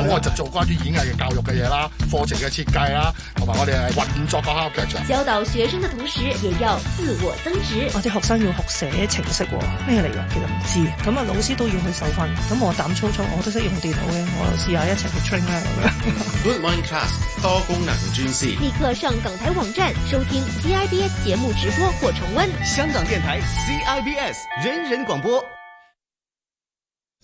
咁我就做關於演藝嘅教育嘅嘢啦，課程嘅設計啦，同埋我哋係運作教學嘅。教導學生嘅同時，亦要自我增值。我啲學生要學寫程式、啊，咩嚟噶？其實唔知。咁啊，老師都要去受訓。咁我膽粗粗，我都識用電腦嘅，我試下一齊去 train 啦。 Good morning class 多功能專線，立刻上港台網站收聽 CIBS 節目直播或重溫。香港電台 CIBS 人人廣播。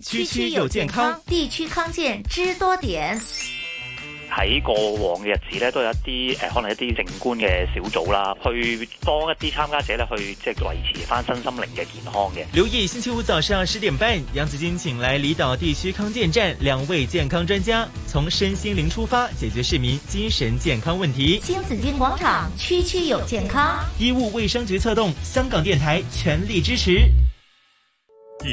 區區有健康，地區康健知多點。喺過往嘅日子呢，都有一啲誒，可能一啲政觀嘅小組啦，去幫一啲參加者呢，去即係維持翻身心靈嘅健康嘅。留意星期五早上十點半，楊紫荊請來離島地區康健站，兩位健康專家從身心靈出發，解決市民精神健康問題。新紫荊廣場區區有健康，醫務衛生局策動，香港電台全力支持。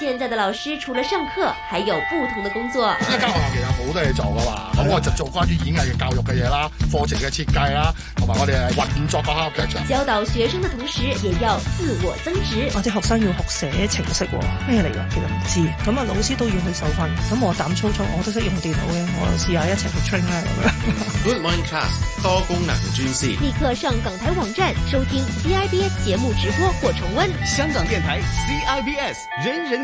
現在的老師除了上課，還有不同的工作。一間學校其實好多嘢做噶嘛，咁我就做關於演藝嘅教育嘅嘢啦的，課程嘅設計啦、啊，同埋我哋係運作個教學。教導學生的同時，也要自我增值。或者學生要學寫程式、啊，咩嚟㗎？其實唔知道。咁啊，老師都要去受訓。咁我膽粗粗，我都識用電腦嘅，我試下一齊去 train 啦、啊。 Good morning class，多功能轉司。立刻上港台網站收聽 CIBS 節目直播或重溫。香港電台 CIBS，人人。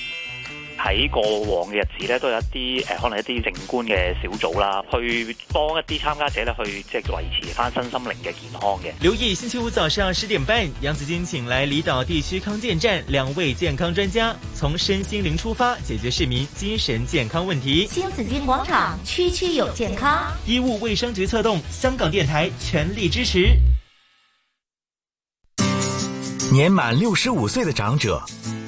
喺過往嘅日子呢，都有一啲、呃、可能一啲正官嘅小組啦，去幫一啲參加者呢，去即維持翻身心靈嘅健康嘅。留意星期五早上十點半，楊紫晶請來離島地區康健站兩位健康專家，從身心靈出發，解決市民精神健康問題。新紫晶廣場，區區有健康。醫務衛生局策動，香港電台全力支持。年滿六十五歲的長者。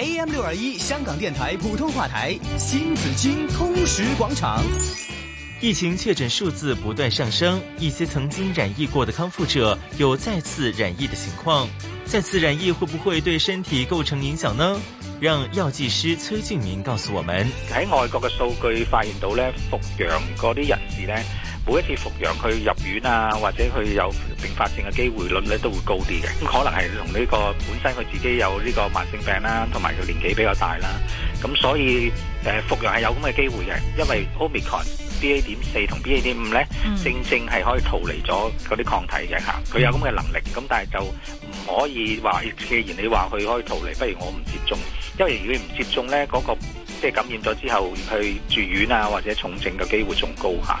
AM 六二一香港電台普通話台，新紫荊通識廣場。疫情確診數字不斷上升，一些曾經染疫過的康復者有再次染疫的情況。再次染疫會不會對身體構成影響呢？讓藥劑師崔俊明告訴我們。喺外國嘅數據發現到咧，復陽嗰啲人士咧。每一次復陽，佢入院啊，或者佢有併發症嘅機會率咧，都會高啲嘅。咁可能係同呢個本身佢自己有呢個慢性病啦，同埋佢年紀比較大啦。咁所以誒復陽係有咁嘅機會嘅，因為 Omicron BA 點四同 BA 點五咧，正正係可以逃離咗嗰啲抗體嘅嚇。佢有咁嘅能力，咁但係就唔可以話，既然你話佢可以逃離，不如我唔接種。因為如果你唔接種咧，嗰個即係感染咗之後去住院啊，或者重症嘅機會仲高嚇。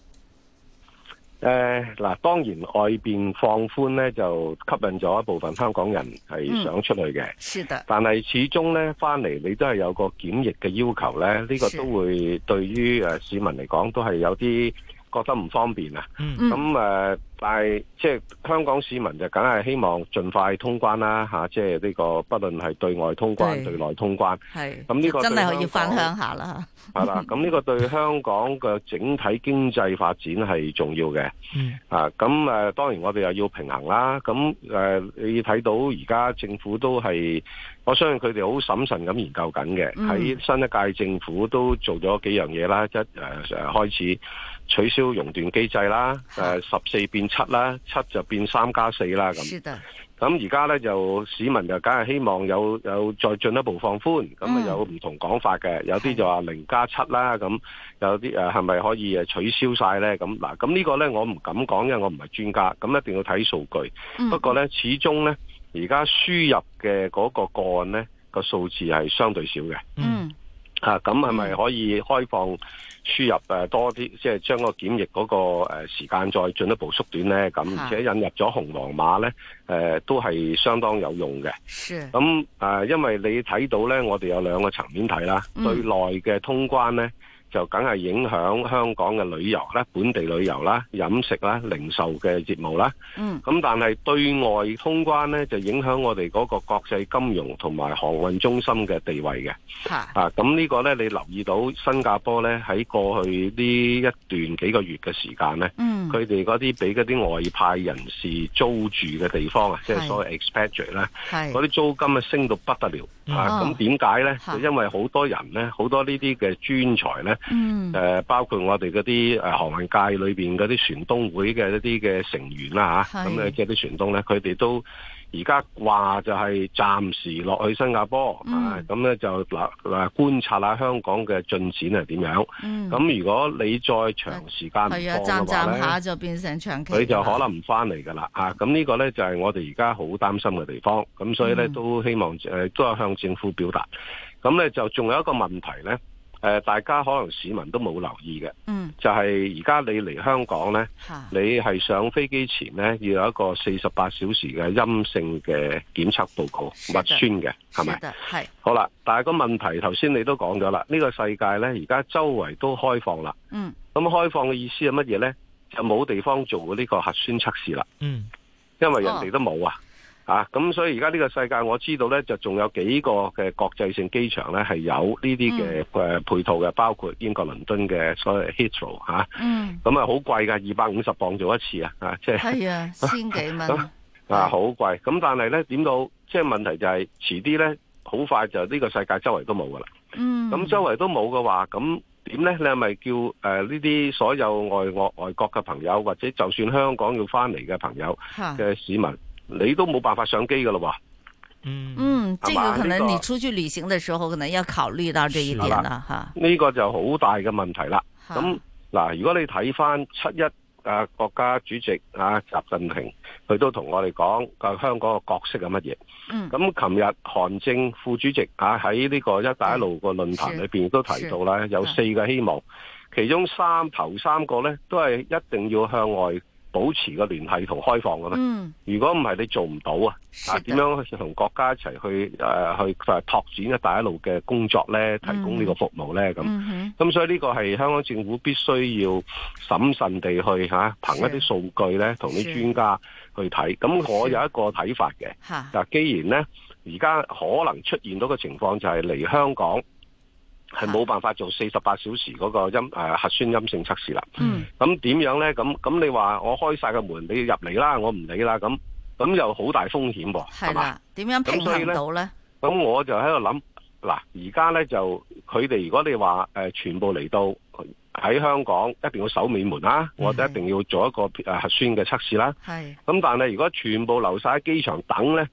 誒，嗱，當然外邊放寬咧，就吸引咗一部分香港人係想出去嘅。嗯。是的，但係始終咧，翻嚟你都係有個檢疫嘅要求咧，呢個都會對於誒市民嚟講都係有啲。覺得唔方便啊！咁、嗯、誒、嗯，但係即係香港市民就梗係希望盡快通關啦，吓、啊！即係呢個不論係對外通關、對內通關，係咁呢個真係可以翻鄉下啦。係啦，咁呢個對香港嘅 整體經濟發展係重要嘅、嗯。啊，咁誒，當然我哋又要平衡啦。咁、啊、誒，你睇到而家政府都係，我相信佢哋好審慎咁研究緊嘅。喺新一屆政府都做咗幾樣嘢啦，一誒誒開始。取消熔斷機制啦，誒十四變七啦，七就變三加四啦咁。咁而家咧就市民就梗係希望有有再進一步放寬，咁啊有唔同講法嘅，有啲就話零加七啦咁，有啲誒係咪可以誒取消晒咧？咁嗱，咁呢個咧我唔敢講，因為我唔係專家，咁一定要睇數據。不過咧，始終咧而家輸入嘅嗰個個案咧，個數字係相對少嘅。嗯。嚇、啊，咁係咪可以開放？輸入多啲，即係將個檢疫嗰個時間再進一步縮短咧，咁而且引入咗紅黃碼咧，誒、呃、都係相當有用嘅。咁誒、呃，因為你睇到咧，我哋有兩個層面睇啦，對內嘅通關咧。嗯就梗係影響香港嘅旅遊啦、本地旅遊啦、飲食啦、零售嘅業務啦。嗯。咁但係對外通關咧，就影響我哋嗰個國際金融同埋航運中心嘅地位嘅。啊，咁呢個咧，你留意到新加坡咧喺過去呢一段幾個月嘅時間咧，嗯。佢哋嗰啲俾嗰啲外派人士租住嘅地方啊，即係、就是、所謂 expatriate 咧，嗰啲租金啊升到不得了。嗯、啊，咁點解咧？就因為好多人咧，好多呢啲嘅專才咧，誒、嗯呃，包括我哋嗰啲誒，航運界裏邊嗰啲船東會嘅一啲嘅成員啦、啊、吓，咁嘅即係啲船東咧，佢哋都。而家話就係暫時落去新加坡，咁、嗯、咧、啊、就嗱嗱觀察下香港嘅進展係點樣。咁、嗯、如果你再長時間唔放嘅話咧，就變成長期。佢就可能唔翻嚟噶啦。嚇、啊！咁呢個咧就係我哋而家好擔心嘅地方。咁所以咧都希望誒、嗯呃、都係向政府表達。咁咧就仲有一個問題咧。誒、呃，大家可能市民都冇留意嘅，嗯，就係而家你嚟香港咧、啊，你係上飛機前咧要有一個四十八小時嘅陰性嘅檢測報告核酸嘅，係咪？係好啦，但係個問題，頭先你都講咗啦，呢、呢個世界咧而家周圍都開放啦，咁、嗯、開放嘅意思係乜嘢咧？就冇地方做呢個核酸測試啦，因為人哋都冇啊。啊啊，咁所以而家呢個世界我知道呢，就仲有幾個嘅國際性機場呢，係有呢啲嘅配套嘅、嗯，包括英國倫敦嘅所謂 Heathrow 吓，咁、嗯、啊好貴噶，二百五十磅做一次啊，即係係千幾蚊。啊好貴，咁、啊啊嗯、但係呢，點到即係、就係、問題就係遲啲呢，好快就呢個世界周圍都冇噶啦，咁、嗯、周圍都冇嘅話，咁點呢？你係咪叫誒呢啲所有外港外國嘅朋友，或者就算香港要翻嚟嘅朋友嘅市民？啊你都冇辦法上機噶咯喎！嗯嗯，這個可能、這個、你出去旅行的時候，可能要考慮到這一點啦，吓。呢、啊這個就好大嘅問題啦。咁、嗯、嗱，如果你睇翻七一啊，國家主席啊，習近平，佢都同我哋講、啊，香港嘅角色係乜嘢？咁琴日韓正副主席啊，喺呢個一帶一路個論壇裏邊、嗯、都提到啦，有四個希望，嗯、其中三、頭三個呢，都係一定要向外。保持個聯繫同開放嘅嘛？如果唔係你做唔到啊？點樣同國家一齊去誒、啊、去拓、啊、展一帶一路嘅工作咧？提供呢個服務咧咁。咁、嗯嗯、所以呢個係香港政府必須要審慎地去吓、啊、憑一啲數據咧同啲專家去睇。咁、啊、我有一個睇法嘅。嗱、啊，既然咧而家可能出現到嘅情況就係嚟香港。係冇辦法做四十八小時嗰個陰誒、啊、核酸陰性測試啦。嗯。咁點樣咧？咁咁你話我開晒個門俾你入嚟啦，我唔理啦。咁咁又好大風險喎。係咪。點樣平衡到咧？咁我就喺度諗，嗱、啊，而家咧就佢哋如果你話誒、啊、全部嚟到喺香港，一定要守尾門啦、啊，或者一定要做一個誒、啊、核酸嘅測試啦。係。咁但係如果全部留晒喺機場等咧？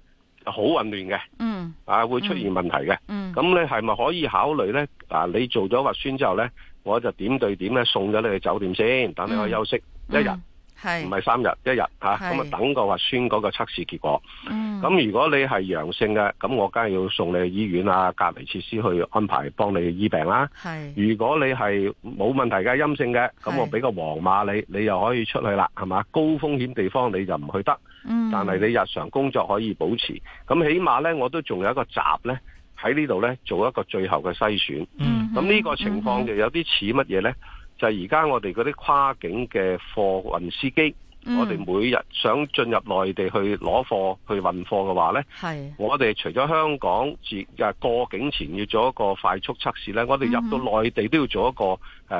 好混亂嘅，嗯，啊會出現問題嘅，咁，嗯、你係咪可以考慮呢？啊，你做咗核酸之後呢，我就點對點呢，送咗你去酒店先，嗯、等你去休息一日，唔、嗯、係三日、嗯、一日吓，咁啊等個核酸嗰個測試結果。咁，嗯、如果你係陽性嘅，咁我梗係要送你去醫院啊隔離設施去安排幫你醫病啦。如果你係冇問題嘅陰性嘅，咁我俾個黃碼你，你又可以出去啦，係嘛？高風險地方你就唔去得。但係你日常工作可以保持，咁起碼呢，我都仲有一個閘呢，喺呢度呢，做一個最後嘅篩選。咁呢個情況就有啲似乜嘢呢？就係而家我哋嗰啲跨境嘅貨運司機。嗯、我哋每日想進入內地去攞貨去運貨嘅話呢，我哋除咗香港自過境前要做一個快速測試呢，我哋入到內地都要做一個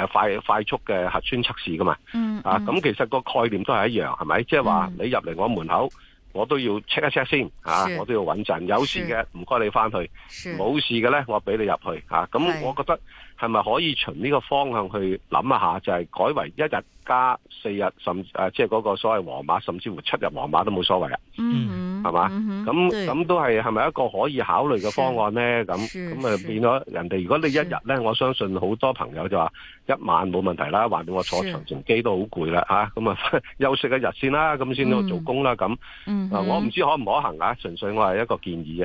快快速嘅核酸測試噶嘛，嗯嗯。啊，咁其實個概念都係一樣，係，嗯，咪？即係話你入嚟我門口，我都要 check 一 check 先，啊，我都要穩陣。有事嘅唔該你翻去，冇事嘅呢我俾你入去啊。咁我覺得。係咪可以循呢個方向去諗一下？就係、是、改為一日加四日，甚誒，即係嗰個所謂黃碼，甚至乎七日黃碼都冇所謂啊！嗯，係嘛？咁、嗯、咁都係係咪一個可以考慮嘅方案咧？咁咁啊，那那變咗人哋如果你一日咧，我相信好多朋友就話一晚冇問題啦。話到我坐長程機都好攰啦，吓咁啊、嗯，休息一日先啦，咁先到做工啦。咁、嗯嗯、啊，我唔知可唔可行啊？純粹我係一個建議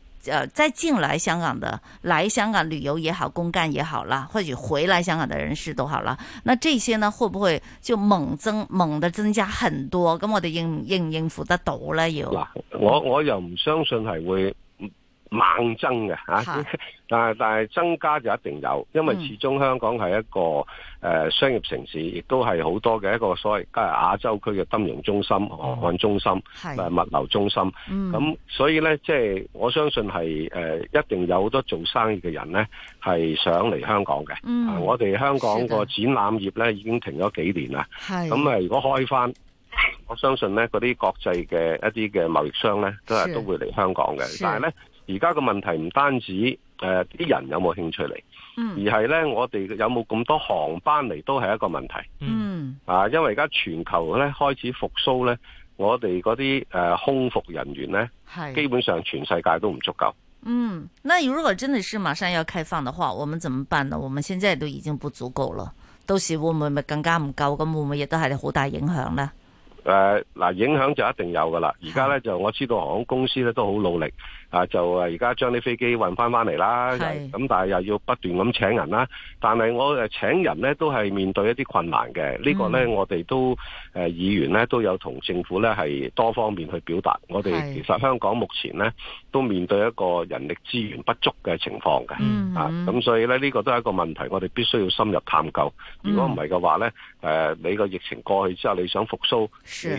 呃再進來香港的，來香港旅遊也好，公幹也好了，或者回來香港的人士都好了，那這些呢，會不會就猛增，猛的增加很多？咁我哋應應唔應付得到呢？又我我又唔相信係會。猛增嘅、啊、但係但係增加就一定有，因為始終香港係一個誒、嗯呃、商業城市，亦都係好多嘅一個所謂加亞洲區嘅金融中心、航、嗯、運中心、誒物流中心。咁、嗯嗯、所以咧，即、就、係、是、我相信係誒、呃、一定有好多做生意嘅人咧，係想嚟香港嘅、嗯啊。我哋香港個展覽業咧已經停咗幾年啦。咁啊、嗯，如果開返，我相信咧嗰啲國際嘅一啲嘅貿易商咧，都係都會嚟香港嘅，但係咧。而家嘅問題唔單止誒，啲、呃、人有冇興趣嚟、嗯，而係咧我哋有冇咁多航班嚟都係一個問題。嗯，啊，因為而家全球咧開始復甦咧，我哋嗰啲誒空服人員咧，係基本上全世界都唔足夠。嗯，那如果真的是馬上要開放的話，我們怎麼辦呢？我們現在都已經不足夠了，到時會唔會咪更加唔夠？咁會唔會亦都係好大影響咧？誒、呃，嗱，影響就一定有噶啦。而家咧就我知道航空公司咧都好努力。啊，就啊，而家將啲飛機運翻翻嚟啦，咁但係又要不斷咁請人啦。但係我誒請人呢都係面對一啲困難嘅。呢、呢個呢，嗯、我哋都誒、呃、議員呢都有同政府呢係多方面去表達。我哋其實香港目前呢都面對一個人力資源不足嘅情況嘅。咁、嗯啊嗯、所以呢，呢、呢個都係一個問題，我哋必須要深入探究。嗯、如果唔係嘅話呢，誒、呃、你個疫情過去之後，你想復甦，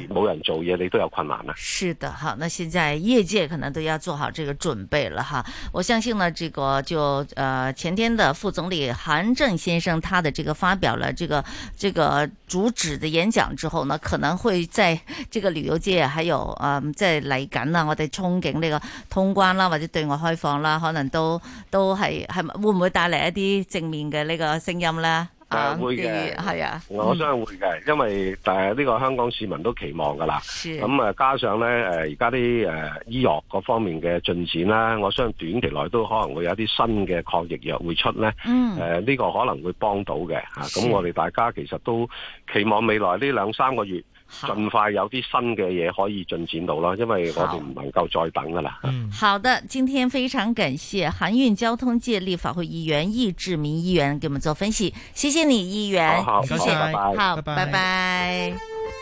冇人做嘢，你都有困難啊。是的，好。那現在業界可能都要做好這個準備了哈，我相信呢，這個就呃前天的副總理韓正先生他的這個發表了這個這個主旨的演講之後呢，可能會在這個旅遊界還有呃在嚟緊啊，我哋憧憬呢個通關啦，或者對外開放啦，可能都都係係會唔會帶嚟一啲正面嘅呢個聲音呢？誒、啊，會嘅，係啊，我相信會嘅、嗯，因為但呢、呃呢個香港市民都期望噶啦，咁啊、嗯、加上咧誒而家啲誒醫藥各方面嘅進展啦，我相信短期內都可能會有一啲新嘅抗疫藥會出咧，誒、嗯、呢、呃呢個可能會幫到嘅吓，咁、啊嗯嗯嗯、我哋大家其實都期望未來呢兩三個月。盡快有啲新嘅嘢可以進展到啦，因為我哋唔能夠再等㗎喇。嗯，好的，今天非常感謝航運交通界立法會議員易志明議員給我們做分析，謝謝你議員，好好，謝謝，好，拜拜。好，拜拜，好，拜拜，拜拜，嗯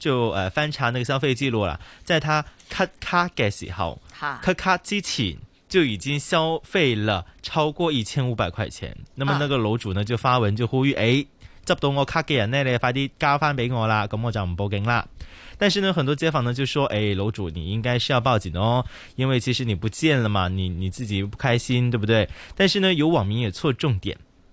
就呃翻查那個消費記錄啦，在他 cut 卡嘅時候，cut 卡之前就已經消費了超過一千五百塊錢。那麼那個樓主呢就發文就呼籲，誒，執到我卡嘅人呢，你快啲交翻俾我啦，咁我就唔報警啦。但是呢，很多街坊呢就說，誒、哎、樓主，你應該是要報警的哦，因為其實你不見了嘛，你你自己又不開心，對不對？但是呢，有網民也錯重點。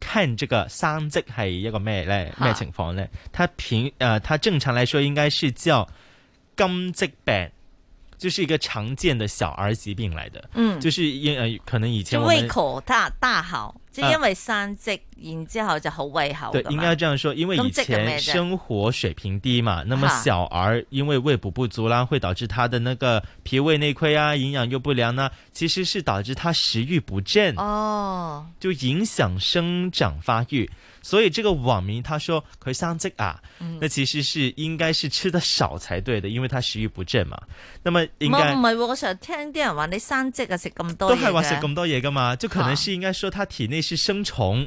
看這個生積係一個咩咧咩情況咧？它平誒、呃，它正常來說應該是叫金積病，就是一個常見的小兒疾病嚟嘅。嗯，就是因為、呃、可能以前胃口大大好，就是、因為生積、呃。三然之後就好胃口，對，應該這樣說，因為以前生活水平低嘛，那，麼，那麼小兒因為胃補不足啦，會導致他的那個脾胃內虧啊，營養又不良呢、啊，其實是導致他食欲不振哦，就影響生長發育。所以這個網民他，他說佢生積啊、嗯，那其實是應該是吃得少才對的，因為他食欲不振嘛。那麼應該唔係，我成日聽啲人話你生積啊食咁多嘢，都係話食咁多嘢噶嘛，就可能是應該說他體內是生蟲。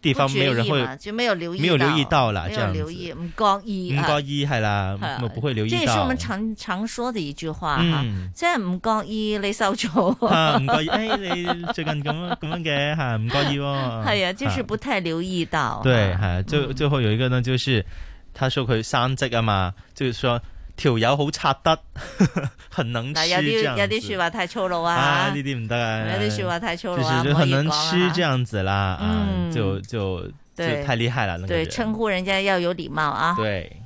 地方沒有人會有，就沒有留意到，沒有留意到啦，這樣子唔覺意，唔、啊、覺意係啦，我、啊、不會留意。這也是我們常常說的一句話，吓，即係唔覺意你收咗。啊，唔覺意，誒、 啊哎，你最近咁 樣咁樣嘅，吓唔覺意、哦。係啊，就是不太留意到。啊啊、對，吓、啊、最最後有一個呢，就是、嗯、他說佢三職啊嘛，就是說。條友好擦得，很能吃。有啲有啲說話太粗魯啊！呢啲唔得啊！有啲說話太粗魯啊！可很能吃。這樣子啦、啊，嗯，就就太厲害啦，對稱呼人家要有禮貌啊！對，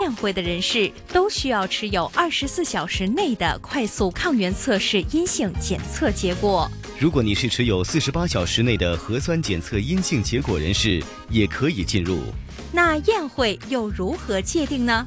宴會的人士都需要持有二十四小時內的快速抗原測試陰性檢測結果。如果你是持有四十八小時內的核酸檢測陰性結果人士，也可以進入。那宴會又如何界定呢？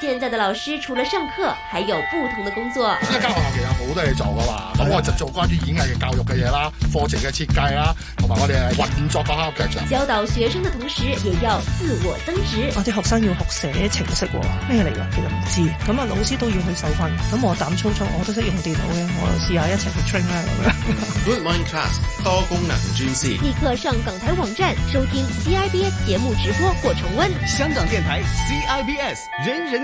現在的老師除了上課，還有不同的工作。一間學校其實好多嘢做噶嘛，咁我就做關於演藝嘅教育嘅嘢啦，課程嘅設計啦，同埋我哋係運作的學校嘅劇場。教導學生嘅同時，亦要自我增值。我啲學生要學寫程式、啊，咩嚟噶？其實唔知。咁啊，老師都要去受訓。咁我膽粗粗，我都識用電腦嘅，我試下一齊去 train 啦、啊。 Good morning class 多功能轉接。立刻上港台網站收聽 CIBS 節目直播或重溫。香港電台 CIBS 人人。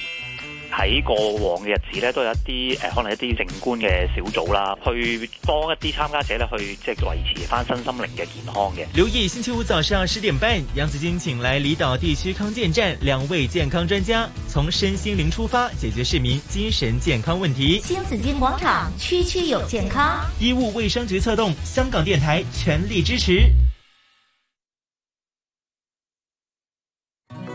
喺過往嘅日子呢都有一啲可能一啲靜觀嘅小組啦，去幫一啲參加者呢去即係維持翻身心靈嘅健康嘅。留意星期五早上十點半，楊子晶請來離島地區康健站兩位健康專家，從身心靈出發，解決市民精神健康問題。新紫晶廣場區區有健康，醫務衛生局策動，香港電台全力支持。